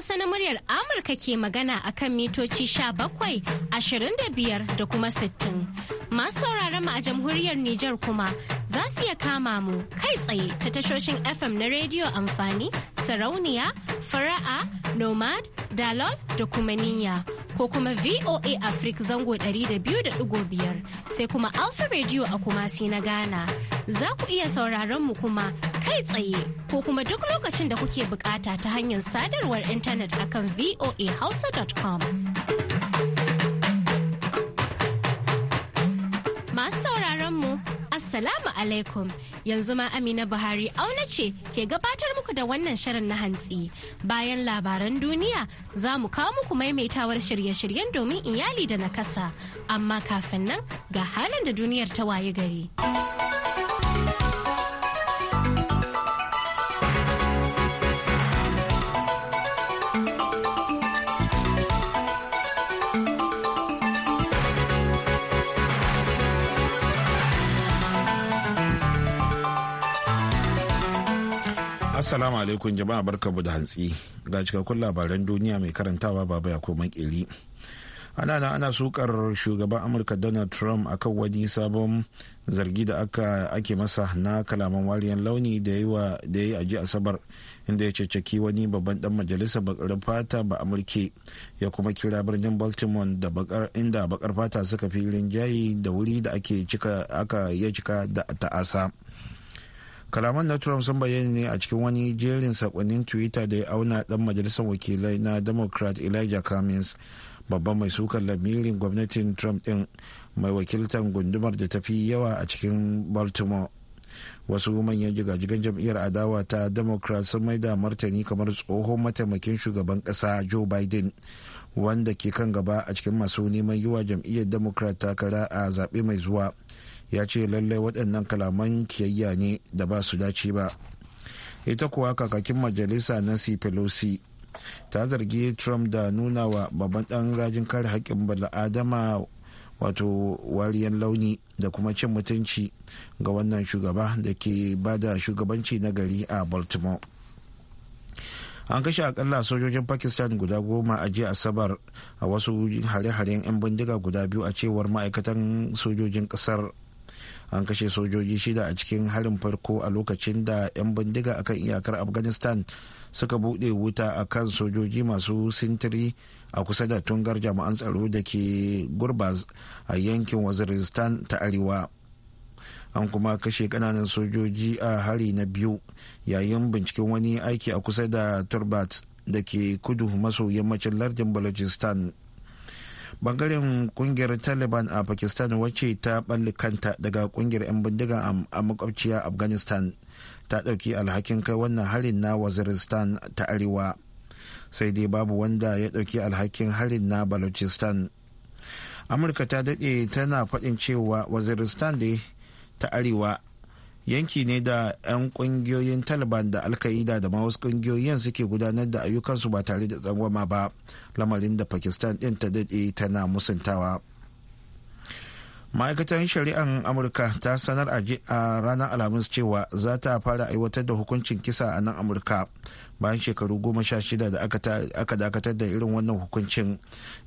Hausa na muryar Amurka ke magana a kan mitoci bakwai ashirin da biyar da kuma sittin Masu sauraron mu a jamhuriyar Nijar kuma za su iya kama mu kai tsaye ta tashoshin FM na rediyo amfani, sarauniya, fara'a, nomad, dalol da kuma niyya. Ko kuma VOA Africa zango 200.5 sai kuma Alpha Radio a Kumasi na gana Za ku iya sauraron mu kuma kai tsaye ko kuma duk lokacin da kuke bukata ta hanyar sadarwar intanet akan voahausa.com. Masu sauraron Assalamu alaikum yanzu ma Amina Buhari auna ce ke gabatar muku da wannan shirin na hantsi. Bayan labaran duniya za mu kawo muku maimaitawar shirye-shiryen domin iyali da nakasa. Amma kafin nan ga halin da duniyar ta waye gari. Assalamu alaikum jama'a barkamu da hantsi ga cikakkun labaran duniya mai karantawa baba ya koma kili. Ana na ana sukar shugaban Amurka Donald Trump akan wani sabon zargi da aka ake masa na kalaman wariyar launi da yi da yi aji asabar inda ya cecaki wani babban dan majalisa bakar fata ba amurke ya kuma kira birnin Baltimore da bakar inda bakar fata suka filin jayi da wuri da ake cika aka ya cika da ta'asa. kalaman na trump sun bayyana ne a cikin wani jerin sakonnin twitter da ya auna dan majalisar wakilai na democrat elijah cummings babban mai sukan lamirin gwamnatin trump din mai wakiltar gundumar da ta fi yawa a cikin baltimore wasu manyan jigajigan jam'iyyar adawa ta democrat sun maida martani kamar tsohon mataimakin shugaban kasa joe biden wanda ke kan gaba a cikin masu neman yiwa jam'iyyar democrat takara a zaɓe mai zuwa ya ce lallai waɗannan kalaman kiyayya ne da ba su dace ba ita kuwa kakakin majalisa nancy pelosi ta zargi trump da nuna wa babban ɗan rajin kare haƙƙin bala'adama wato wariyar launi da kuma cin mutunci ga wannan shugaba da ke ba da shugabanci na gari a baltimore an kashe akalla sojojin pakistan guda goma a jiya asabar a wasu hare-haren 'yan bindiga guda biyu a cewar ma'aikatan sojojin kasar an kashe sojoji shida a cikin harin farko a lokacin da 'yan bindiga akan iyakar afghanistan suka bude wuta a kan sojoji masu sintiri a kusa da tungar jami'an tsaro da ke gurbaz a yankin waziristan ta arewa an kuma kashe kananan sojoji a hari na biyu yayin binciken wani aiki a kusa da turbat da ke kudu maso yammacin lardin balochistan bangaren kungiyar taliban a pakistan wacce ta balli kanta daga kungiyar 'yan bindigan a makwabciya afghanistan ta dauki alhakin kai wannan harin na waziristan ta arewa sai dai babu wanda ya dauki alhakin harin na balochistan amurka ta daɗe tana faɗin cewa waziristan da ta arewa yanki ne da 'yan kungiyoyin taliban da alka'ida da ma wasu kungiyoyin suke gudanar da ayyukansu ba tare da tsangwama ba lamarin da pakistan din ta daɗe tana musuntawa ma'aikatan shari'an amurka ta sanar a ranar alhamis cewa za ta fara aiwatar da hukuncin kisa a nan amurka bayan shekaru goma sha shida da aka dakatar da irin wannan hukuncin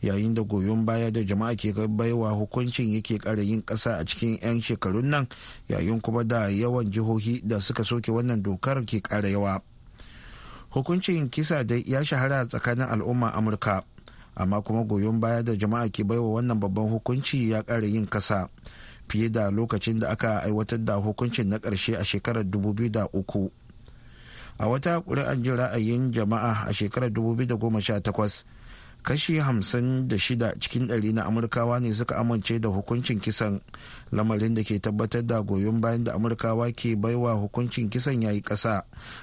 yayin da goyon baya da jama'a ke baiwa hukuncin yake kara yin kasa a cikin 'yan shekarun nan yayin kuma da yawan jihohi da suka soke wannan dokar ke kara yawa hukuncin kisa dai ya shahara tsakanin al'umma amurka amma kuma goyon baya da jama'a ke baiwa wannan babban hukunci ya ƙara yin kasa fiye da lokacin da aka aiwatar da hukuncin na ƙarshe a shekarar 2003 a wata an jin ra'ayin jama'a a shekarar 2018 kashi 56 cikin ɗari na amurkawa ne suka amince da hukuncin kisan lamarin da ke tabbatar da goyon bayan da amurkawa ke baiwa hukuncin kisan yayi ƙasa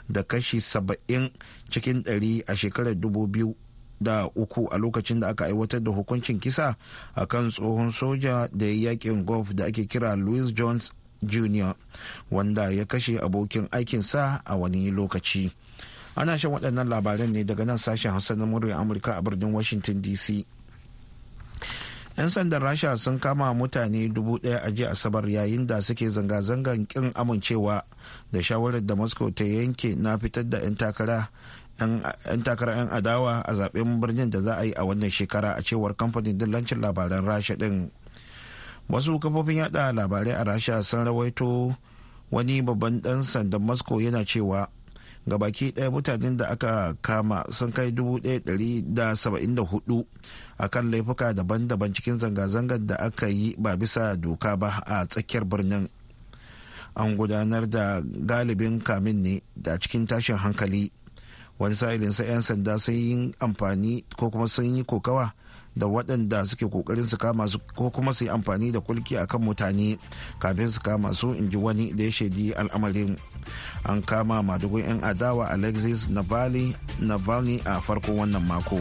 da kashi 70 cikin ɗari a shekarar 2000 da uku a lokacin da aka aiwatar da hukuncin kisa a kan tsohon soja da ya yakin golf da ake kira louis jones jr wanda ya kashe abokin aikinsa a wani lokaci ana shan waɗannan labaran ne daga nan sashen hausa na murya amurka a birnin washington dc 'yan sandan rasha sun kama mutane dubu daya a jiya asabar yayin da suke zanga-zangan kin amincewa da shawarar da moscow ta yanke na fitar da 'yan takara 'yan takarar 'yan adawa a zaben birnin da za a yi a wannan shekara a cewar kamfanin dillancin labaran rasha ɗin wasu kafofin yada labarai a rasha sun rawaito wani babban dan sandan moscow yana cewa gabaki ɗaya mutanen da aka kama sun kai 1,174 a kan laifuka daban-daban cikin zanga-zangar da aka yi ba bisa doka ba a tsakiyar birnin an gudanar da galibin kamin ne da cikin tashin hankali wani sa'ilin sai 'yan sanda sun yi amfani ko kuma sun yi kokawa da waɗanda suke kokarin su kama su ko kuma su yi amfani da kulki a kan mutane kafin su kama su in ji wani da ya shaidi al'amarin an kama madugun 'yan adawa alexis navalny a farkon wannan mako.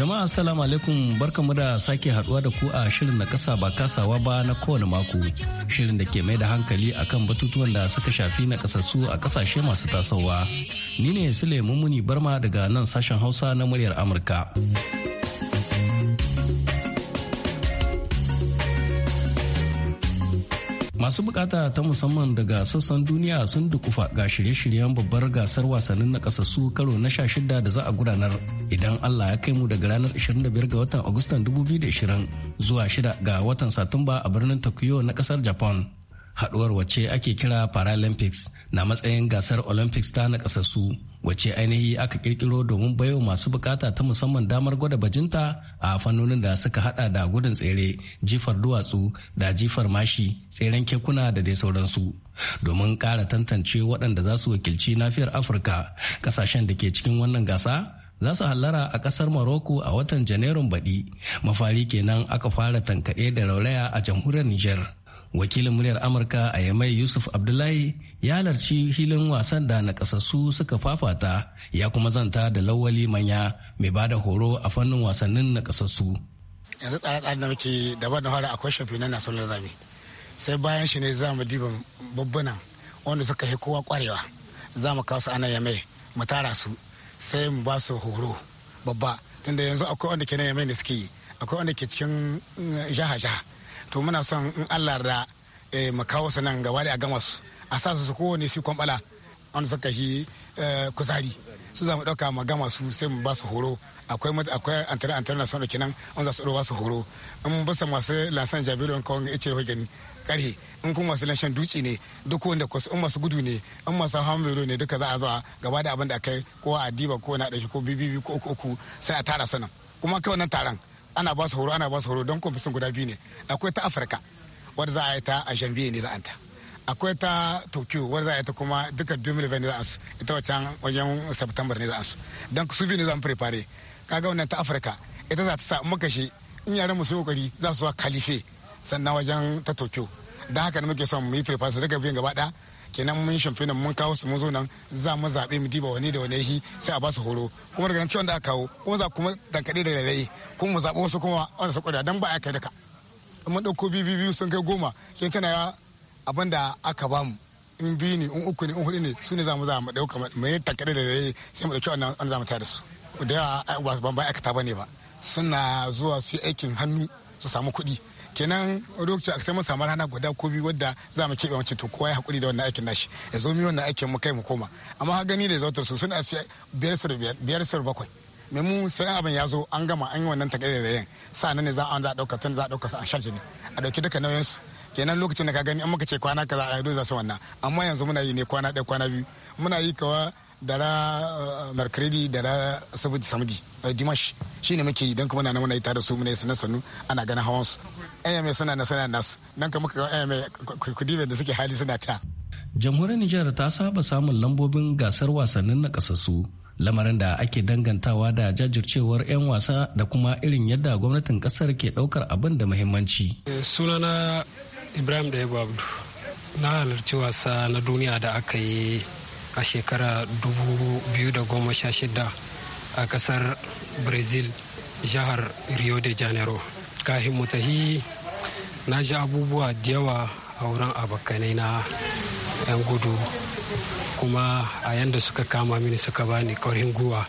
Jama'a salamu alaikum barkamu da sake haduwa da ku a shirin na kasa ba kasawa ba na kowane mako. Shirin da ke mai da hankali akan batutuwan da suka shafi na kasassu a kasashe masu tasowa. Ni ne Sule muni Barma daga nan sashen Hausa na muryar Amurka. masu bukata ta musamman daga sassan duniya sun dukufa ga shirye-shiryen babbar gasar wasannin na kasassu karo na 16 da za a gudanar idan allah ya kai mu daga ranar 25 ga watan agustan 2020 zuwa 6 ga watan satumba a birnin tokyo na kasar japan haɗuwar wace ake kira paralympics na matsayin gasar olympics ta nakasassu wace ainihi aka kirkiro domin bayo masu bukata ta musamman damar gwada bajinta a fannonin da suka hada da gudun tsere jifar duwatsu da jifar mashi tseren kekuna da dai sauransu domin kara tantance waɗanda za su wakilci nafiyar afirka ƙasashen da ke cikin wannan gasa za su hallara a ƙasar maroko a watan Janairun baɗi. Mafari kenan aka fara tankaɗe da raulaya a jamhuriyar Nijar. wakilin muryar amurka a yamai yusuf abdullahi ya halarci filin wasan da nakasassu suka fafata ya kuma zanta da lawali manya mai bada horo a fannin wasannin nakasassu yanzu tsare-tsare da muke daban da fara akwai shafi na nasarar zami sai bayan shi ne za mu diba babbanan wanda suka yi kowa kwarewa za mu kawo su ana yamai mu tara su sai mu ba su horo babba tunda yanzu akwai wanda ke na yamai da suke yi akwai wanda ke cikin eh, jaha-jaha to muna son in Allah da eh, mu kawo su nan gaba da a gama su a sa su kowane su kwambala wanda suka shi eh, kuzari su za mu ɗauka mu gama su sai mu ba su horo akwai akwai antara antara na sanar kenan an za su ɗauka ba su horo in ba su masu lasan jabiru in kawai ice hujjan karhe in kuma masu lashen dutse ne duk wanda kwasu in masu gudu ne in masu hamero ne duka za a zuwa gaba da abin da kai ko a diba ko na ɗauki ko bibibi ko uku uku sai a tara sanan kuma kai wannan taron ana ba su horo ana ba su horo don kwamfasin guda biyu ne akwai ta afirka wadda za a yi ta a janvier ne za a ta akwai ta tokyo wadda za a yi ta kuma duka 2020 ne za a su ita wacan wajen september ne za a su don su biyu ne za a prepare kaga wannan ta afirka ita za ta sa muka shi in yaran mu su kokari za su wa kalife sannan wajen ta tokyo don haka ne muke son mu yi prepare su daga biyan gaba ɗaya kenan mun shamfe mun kawo su mun zo nan za mu zaɓe mu diba wani da wani shi sai a ba su horo kuma daga nan ciwon da aka kawo kuma za kuma dankade da rarrai kuma mu zaɓi wasu kuma wanda su kwada dan ba a kai ka amma ɗauko biyu biyu sun kai goma kin kana abin da aka ba mu in biyu ne in uku ne in hudu ne su ne za mu za mu ɗauka mu yi dankade da rarrai sai mu ɗauki wannan wanda za mu tare da su da yawa ba ban ba aikata ba ne ba suna zuwa su yi aikin hannu su samu kuɗi kenan lokaci a sai mun samu rana guda ko biyu wadda za mu keɓe mace to kowa ya hakuri da wannan aikin nashi ya zo mi wannan aikin mu kai mu koma amma ha gani da zautar su suna biyar sur biyar sur bakwai me mu sai abin ya zo an gama an yi wannan takardar sa nan ne za a dauka tun za a dauka su a sharji ne a dauki duka nauyin su kenan lokacin da ka gani an muka ce kwana kaza a yado za su wannan amma yanzu muna yi ne kwana ɗaya kwana biyu muna yi kawa da na eh, mercredi da na samudi eh, dimash shi ne muke yi don kuma na nan yi tare da su muna sanar sanu ana ganin hawan su ayyame suna na suna nasu nan kuma ayyame kudi da suke hali suna ta jamhuriyar nijar ta saba samun lambobin gasar wasannin na kasassu lamarin da ake dangantawa da jajircewar 'yan wasa da kuma irin yadda gwamnatin kasar ke daukar abin da muhimmanci eh, sunana ibrahim da abdu na halarci wasa na duniya da aka yi a shekara 2016 a kasar brazil jihar rio de janeiro kahin mutahi na ji abubuwa da yawa a wurin abokanai na 'yan gudu kuma a yanda suka kama mini suka bani ƙarfin guwa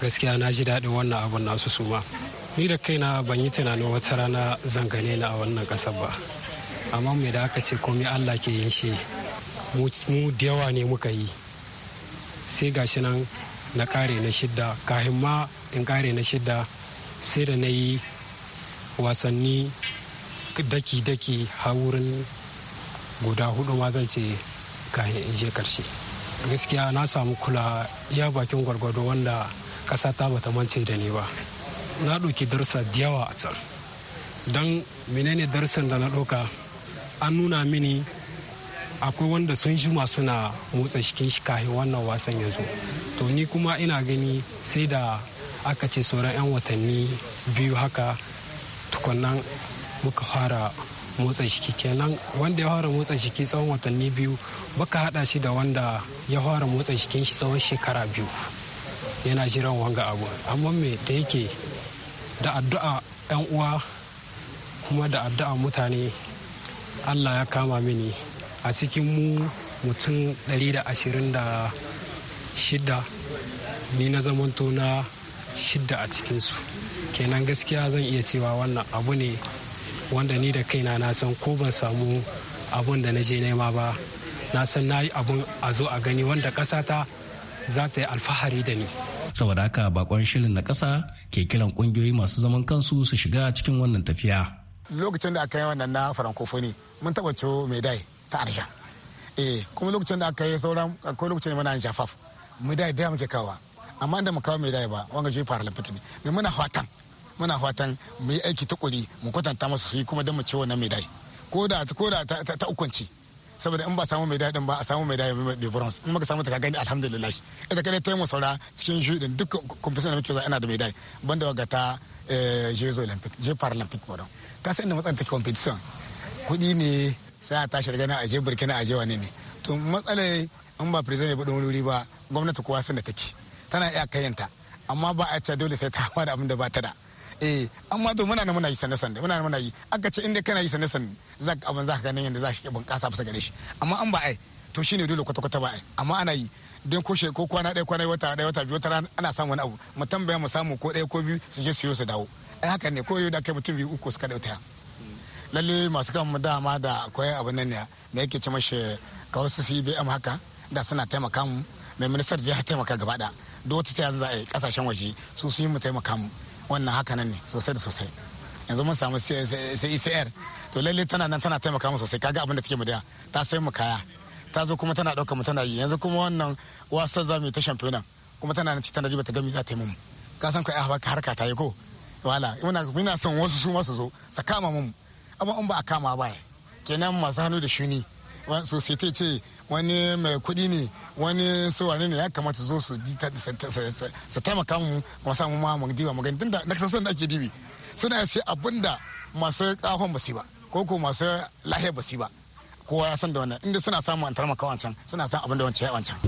gaskiya na ji daɗin wannan abun nasu suma ni da kaina ban yi tunanin wata rana zangane na a wannan ƙasar ba amma mai da aka ce komai allah ke yin shi mu da yawa ne muka yi sai gashi nan na kare na shidda kafin ma in kare na shidda sai da na yi wasanni daki-daki har wurin guda hudu ma zan ce kafin in je karshe gaskiya na samu kula ya bakin gwargwado wanda kasa ta bata mance da ni ba na ɗauki darsa da yawa a can don menene darsan da na ɗauka an nuna mini akwai wanda sun juma suna motsa cikin shi kahin wannan wasan ya zo to ni kuma ina gani sai da aka ce sauran 'yan watanni biyu haka tukunan muka fara motsa jiki kenan wanda ya fara motsa jiki tsawon watanni biyu baka hada shi da wanda ya fara motsa shikin shi tsawon shekara biyu yana jiran wanga abu amma me da yake da addu'a yan uwa kuma da addu'a mutane allah ya kama mini a cikin mu mutum 126 ni na zamanto na shidda a cikinsu kenan gaskiya zan iya cewa wannan abu ne wanda ni da kaina na san ko ban samu abun da na je nema ba na san na yi abun a zo a gani wanda ƙasa ta za ta yi alfahari da ni saboda haka bakon shirin na ƙasa ke kiran ƙungiyoyi masu zaman kansu su shiga cikin wannan tafiya lokacin da aka yi wannan na farankofoni mun taɓa ciwo mai dai ta arsha eh kuma lokacin da aka yi sauran akwai lokacin da muna shafaf mu dai da muke kawa amma da mu kawo mai dai ba wanga je fara lafiya ne muna fatan muna fatan mu yi aiki ta kuri mu kwatanta masa shi kuma don mu ci wannan mai dai ko da ko da ta ukunci saboda in ba samu mai dai din ba a samu mai dai mai bronze in muka samu ta gani alhamdulillah ita kadai taimaka saura cikin shuɗin duk kumfisan da muke zuwa ina da mai dai banda waga ta eh jeux olympic je paralympic pardon ka san inda matsalar take competition kudi ne sai a tashi daga na a je burkina a je wani ne to matsalar in ba prison ya budin wuri ba gwamnati kowa sun da take tana iya kayanta amma ba a ce dole sai ta fara abin da ba ta da eh amma to muna nan muna yi sanda sanda muna nan muna yi aka ce inda kana yi sanda sanda za ka abin za ka ganin yadda za shi bunƙasa bisa gare shi amma an ba ai to shine dole kwata kwata ba ai amma ana yi don ko ko kwana ɗaya kwana wata ɗaya wata biyu wata rana ana samun wani abu mu tambaya mu samu ko ɗaya ko biyu su je su yi su dawo ai haka ne ko yau da kai mutum biyu uku suka ɗauta lalle masu kan dama da akwai abu nan ne da yake ce mashi ka wasu cbm haka da suna taimaka mu mai ministar jiha taimaka gaba da duk wata ta za a yi kasashen waje su su yi mu taimaka mu wannan haka nan ne sosai da sosai yanzu mun samu cecr to lalle tana nan tana taimaka mu sosai kaga abin da take mu da ta sai mu kaya ta zo kuma tana ɗaukar mu tana yi yanzu kuma wannan wasan za mu yi ta shampiyona kuma tana nan tana riba ta gami za ta yi mu ka san ka harka ta yi ko wala muna son wasu su ma su zo sakama mu amma in ba a kama ba kenan masu hannu da shuni ta ce wani mai kuɗi ne wani su wani ne ya kamata zo su taimaka mu mu samu ma mu diba magani tunda na kasan da ake dibi suna sai abinda masu kafan ba ba ko ko masu lahiyar ba ba kowa ya san da wannan inda suna samu an tarmaka wancan suna san abin da wancan ya wancan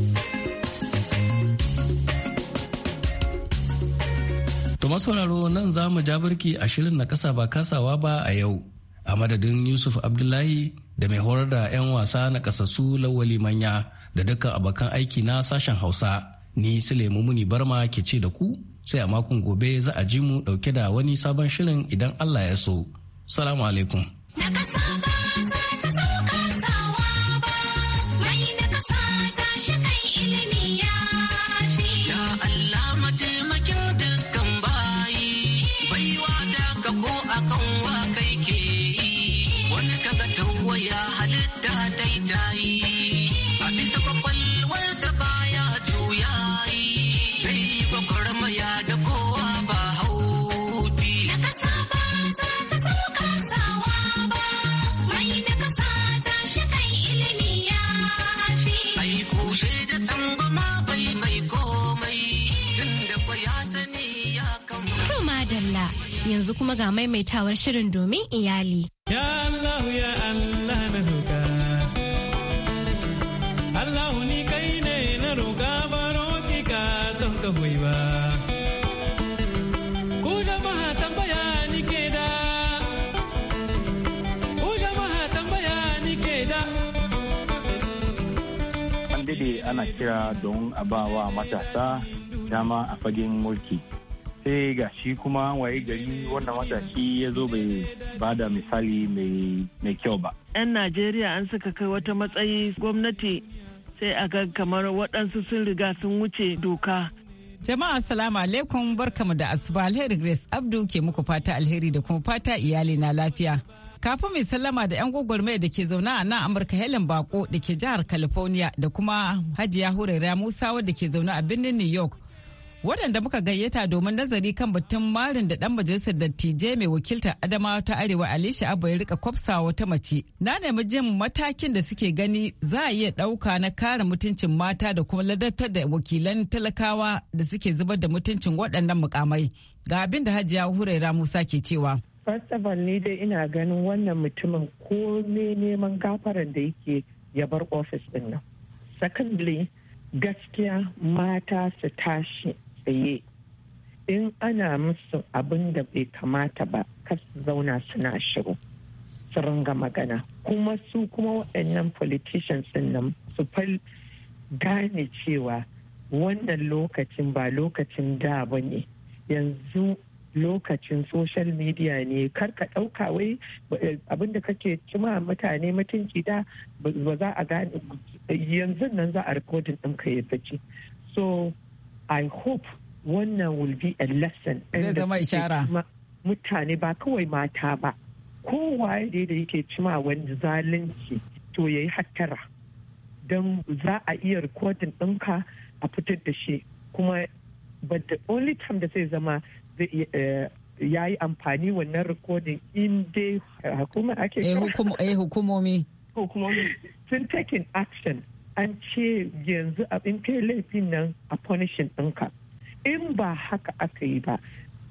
To masauraro nan za mu ja birki a shirin na kasa ba kasawa ba a yau a madadin yusuf abdullahi da mai horar da 'yan wasa na kasassu lawali manya da dukkan abokan aiki na sashen hausa ni sulaimu muni barma ke ce da ku sai a makon gobe za a ji mu dauke da wani sabon shirin idan allah ya so salamu alaikum kuma ga maimaitawar shirin domin iyali. Ya Allah ya Allah na roƙa. Allah ni kai ne na roƙa ba roƙi ka don ka hoyi ba. Ku jama'a tambaya ni ke da. Ku jama'a tambaya ni ke da. An dade ana kira don a ba wa matasa dama a fagen mulki. sai ga shi kuma waye gari wannan wata shi ya zo bai ba da misali mai kyau ba. 'Yan Najeriya an suka kai wata matsayi gwamnati sai a ga kamar waɗansu sun riga sun wuce doka. Jama'a salamu alaikum barkamu da asuba alheri Grace Abdu ke muku fata alheri da kuma fata iyali na lafiya. Kafin mai sallama da 'yan gwagwarmaya da ke zauna a nan Amurka Helen Bako da ke jihar California da kuma Hajiya Hurera Musa wadda ke zauna a birnin New York. waɗanda muka gayyata domin nazari kan batun marin da ɗan majalisar dattijai mai wakiltar adamawa ta arewa alisha abu ya rika kwafsa wata mace na nemi jin matakin da suke gani za a iya ɗauka na kare mutuncin mata da kuma ladattar da wakilan talakawa da suke zubar da mutuncin waɗannan mukamai ga abin da hajiya huraira musa ke cewa first of all ni dai ina ganin wannan mutumin ko ne neman gafaran da yake ya bar ofis din nan secondly gaskiya mata su tashi tsaye in ana musu abin da bai kamata ba ka zauna suna shiru su ringa magana kuma su kuma waɗannan politicians sun nan su fal gane cewa wannan lokacin ba lokacin da ba ne yanzu lokacin social media ne karka ɗauka wai eh, abinda kake cima mutane mutunci da ba za a gane yanzu nan za a rikodin ɗinka ya fice so I hope wannan will be a lesson. Zai zama ishara. Mutane ba kawai mata ba. Kowaye da da yake cima wani zalunci to ya yi hattara. Don za a iya rikodin ɗinka a fitar da shi. Kuma but the only time da zai zama eh, ya yi amfani wannan rikodin in dai eh, hukumar ake eh, hukumomi. Hukumomi. Sun taking action. an ce yanzu abin kai laifin nan a punishing ɗinka in ba haka aka yi ba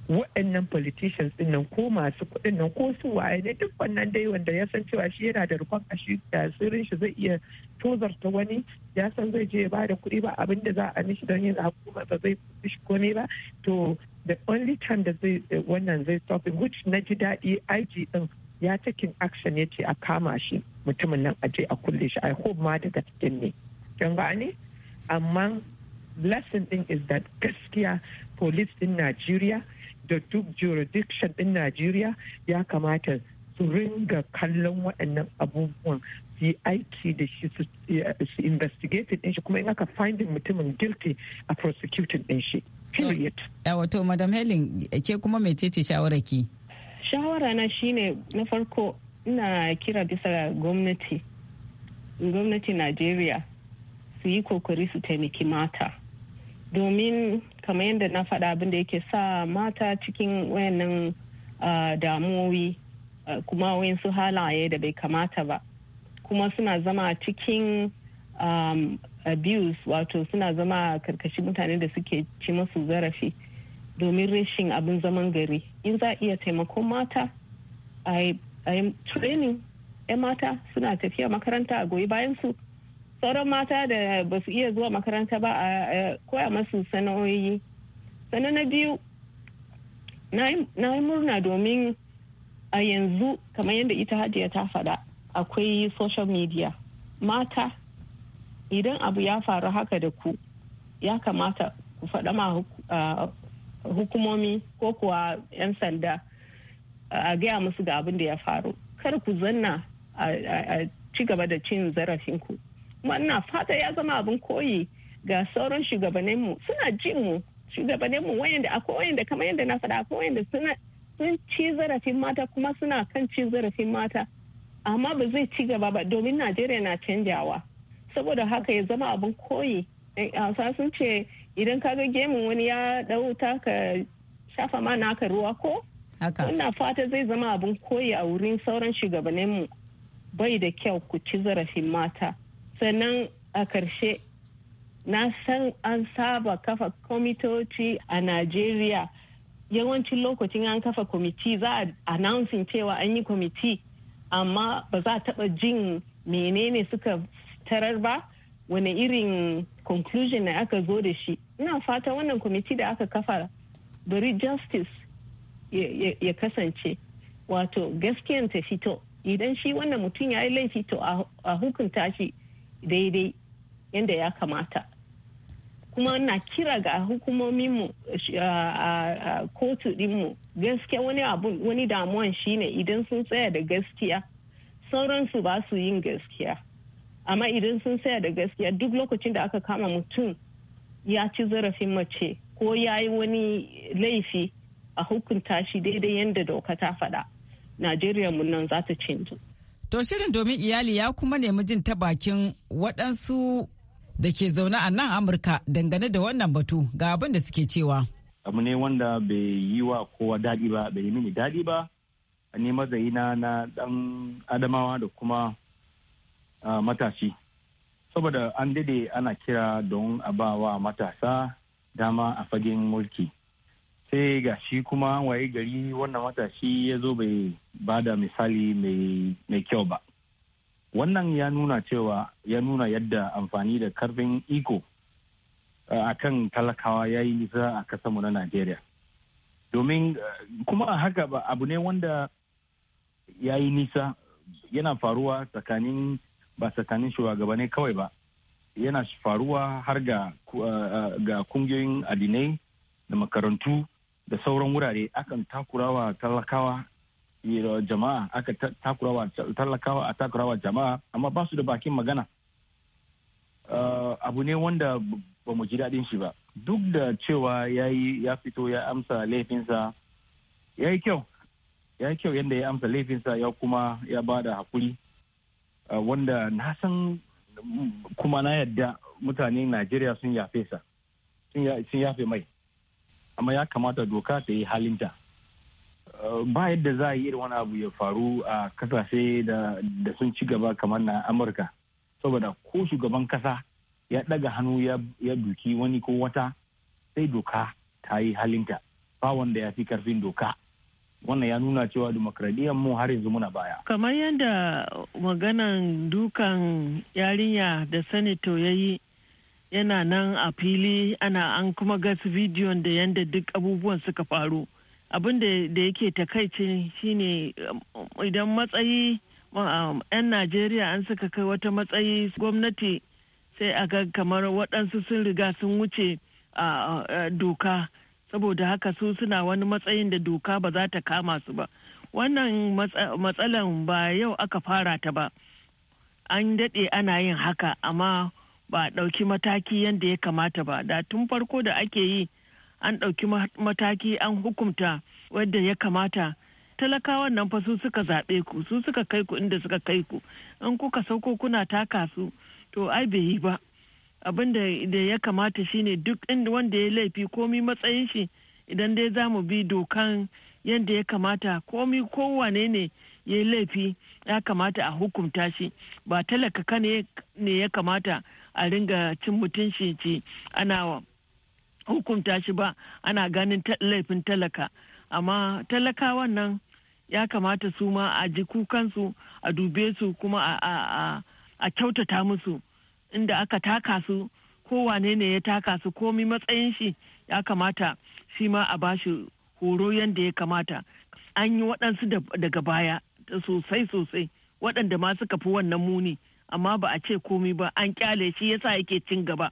waɗannan politicians din nan ko masu kuɗin nan ko su waye ne duk wannan dai wanda ya san cewa shi yana da rikon kashi da sirrin shi zai iya tozarta wani ya san zai je ya ba da kuɗi ba abin da za a mishi don yin hukuma ba zai shi komai ba to the only time da zai eh, wannan zai stopping which na ji daɗi IG din ya cikin action ya ce a kama shi mutumin nan a je a kulle shi i hope ma daga cikin ne kin gane amma lesson din is that gaskiya police din Najeriya da duk jurisdiction din Najeriya ya kamata su ringa kallon waɗannan abubuwan su yi aiki da shi su eh, investigate din shi kuma in aka findi mutumin guilty a prosecuting din shi period. Eh, wato madam helen ke kuma mecece shawararki? ki shawara na shine na farko ina kira bisa gwamnati gwamnati najeriya su yi kokari su taimaki mata domin kamar yadda na faɗa abin da yake sa mata cikin wayannan damuwowi kuma su halaye da bai kamata ba kuma suna zama cikin abuse wato suna zama karkashin mutane da suke ci masu zarafi domin rashin abin zaman gari in za iya taimako mata a yi training 'yan mata suna tafiya makaranta a goyi bayan su sauran mata da ba su iya zuwa makaranta ba a koya masu sana'o'i sannan na biyu na yi murna domin a yanzu kamar yadda ita hajiya ta faɗa akwai social media mata idan abu ya faru haka da ku ya kamata ku faɗa hukumomi ko kuwa 'yan sanda a gaya musu ga abin da ya faru kar ku zanna a ci gaba da cin zarafinku kuma ina fata ya zama abin koyi ga sauran shugabanninmu suna jin mu shugabanninmu wayanda akwai wayanda kamar yadda na faɗa akwai wayanda suna sun ci zarafin mata kuma suna kan ci zarafin mata amma ba zai ci gaba ba domin najeriya na canjawa saboda haka ya zama abin koyi eh, hausa sun ce idan ka ga gemun wani ya dau ka shafa mana naka ruwa ko wannan fata zai zama abin koyi a wurin sauran shugabanninmu bai da kyau ku ci zarafin mata sannan a karshe na san an saba kafa kwamitoci a najeriya yawancin lokacin an kafa kwamiti za a announcing cewa an yi kwamiti amma ba za a taba jin menene suka tarar ba wani irin conclusion na aka zo da shi ina fata wannan kwamiti da aka kafa bari justice ya kasance wato gaskiyan ta fito idan shi wannan mutum ya yi laifi to a hukunta shi daidai yadda ya kamata kuma na kira ga hukumominmu a kotu dinmu gaskiya wani abu wani damuwan shine idan sun tsaya da gaskiya sauransu ba su yin gaskiya amma idan sun tsaya da gaskiya duk lokacin da aka kama mutum ya ci zarafin mace ko ya yi wani laifi a hukunta shi daidai yadda doka ta faɗa najeriya mu nan za ta canza. to shirin domin iyali ya kuma nemi jin ta bakin waɗansu da ke zaune a nan amurka dangane da wannan batu ga abin da suke cewa abu ne wanda bai yi wa kowa daɗi ba bai yi mini daɗi ba ni mazayina na ɗan adamawa da kuma ah, matashi saboda an dade ana kira don a ba wa matasa dama a fagen mulki sai ga shi kuma waye gari wannan matashi ya zo bai ba da misali mai kyau ba wannan ya nuna cewa ya nuna yadda amfani da karfin iko a kan talakawa ya yi nisa a kasanmu na najeriya domin eh, kuma a haka ba abu ne wanda ya yi nisa yana faruwa tsakanin ba tsakanin shugabanni kawai ba yana faruwa har ga eh, eh, ga kungiyoyin adinai da makarantu da sauran wurare akan takurawa talakawa eh, jama'a aka takurawa talakawa a takurawa jama'a amma ba su da bakin magana abu ne wanda ba mu ji daɗin shi ba duk da cewa ya yi ya fito ya amsa laifinsa ya yi kyau ya yi kyau yadda ya amsa laifinsa ya kuma ya ba da hakuri wanda na san mm, kuma na yadda mutane najeriya sun yafe sa sun yafe mai amma ya kamata doka ta yi halinta ba yadda za a yi irin wani abu ya faru a kasashe da sun ci gaba kamar na amurka saboda ko shugaban kasa ya ɗaga hannu ya duki wani ko wata sai doka ta yi halinta ba wanda ya fi karfin doka wannan ya nuna cewa demokradiyyar mu har yanzu muna baya. Kamar yadda maganan dukan yarinya da sanito ya yi yana nan a fili ana an kuma gas bidiyon da yadda duk abubuwan suka faru. Abin da yake takaici shine um, idan matsayi um, 'yan Najeriya an suka kai wata matsayi gwamnati sai a ga kamar waɗansu sun riga sun wuce a uh, uh, doka. saboda haka su suna wani matsayin da doka ba za ta kama su ba wannan matsalan ba yau aka fara ta ba an daɗe ana yin haka amma ba a ɗauki mataki yadda ya kamata ba da tun farko da ake yi an ɗauki mataki an hukumta wadda ya kamata talakawan nan fa su suka zaɓe ku su suka kai ku inda suka kai ku in kuka sauko kuna taka su to ai bai yi ba abin da ya kamata shine duk inda wanda ya laifi komi matsayin shi idan dai za mu bi dokan yadda ya kamata komi kowane ne ya laifi ya kamata a hukunta shi ba talaka kane ne ya kamata a ringa cin mutunci ci ana hukunta shi ba ana ganin laifin talaka amma talaka wannan ya kamata su ma a ji kukansu a dube su kuma a kyautata musu inda aka taka su kowane ne ya taka su komi matsayin shi ya kamata shi ma a bashi horo yadda ya kamata an yi waɗansu daga baya sosai sosai waɗanda ma suka fi wannan muni amma ba a ce komi ba an kyale shi yasa yake cin gaba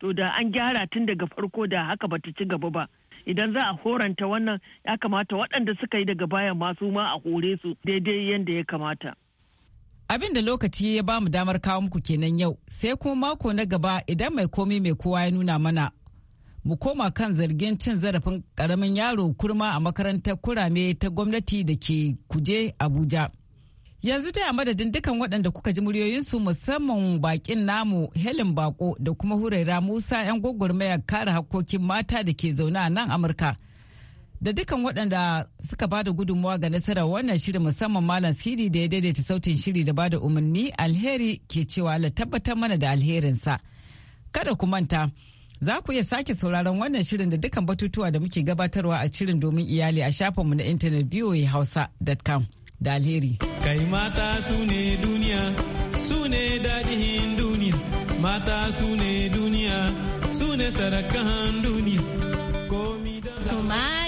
to da an gyara tun daga farko da haka bata ci gaba ba idan za a horanta wannan ya kamata waɗanda suka yi daga baya masu ma a hore su daidai yadda ya kamata Abin da lokaci ya ba mu damar kawo muku kenan yau, sai kuma mako na gaba idan mai komi mai kowa ya nuna mana. Mu koma kan zargin cin zarafin karamin yaro kurma a makarantar kurame ta gwamnati da ke kuje Abuja. Yanzu ta madadin dukan waɗanda kuka ji muryoyinsu musamman bakin namu Helen Bako da kuma Huraira Musa 'yan gwagwarmayar kare hakkokin mata da ke zaune a nan Amurka. da dukkan waɗanda suka bada gudunmawa ga nasarar wannan shirin musamman malam siri da ya daidaita sautin shiri da bada umarni alheri ke cewa Allah tabbatar mana da alherinsa kada ku manta za ku iya sake sauraron wannan shirin da dukkan batutuwa da muke gabatarwa a shirin domin iyali a shafinmu na intanet voahausa.com da alheri kai mata su ne duniya su ne daɗin duniya mata su ne duniya su ne sarakan duniya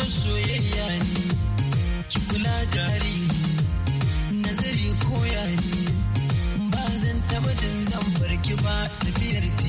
ƙaunar soyayya ne ki kula jari ne nazari koya ne ba zan taɓa jin zan farki ba tafiyar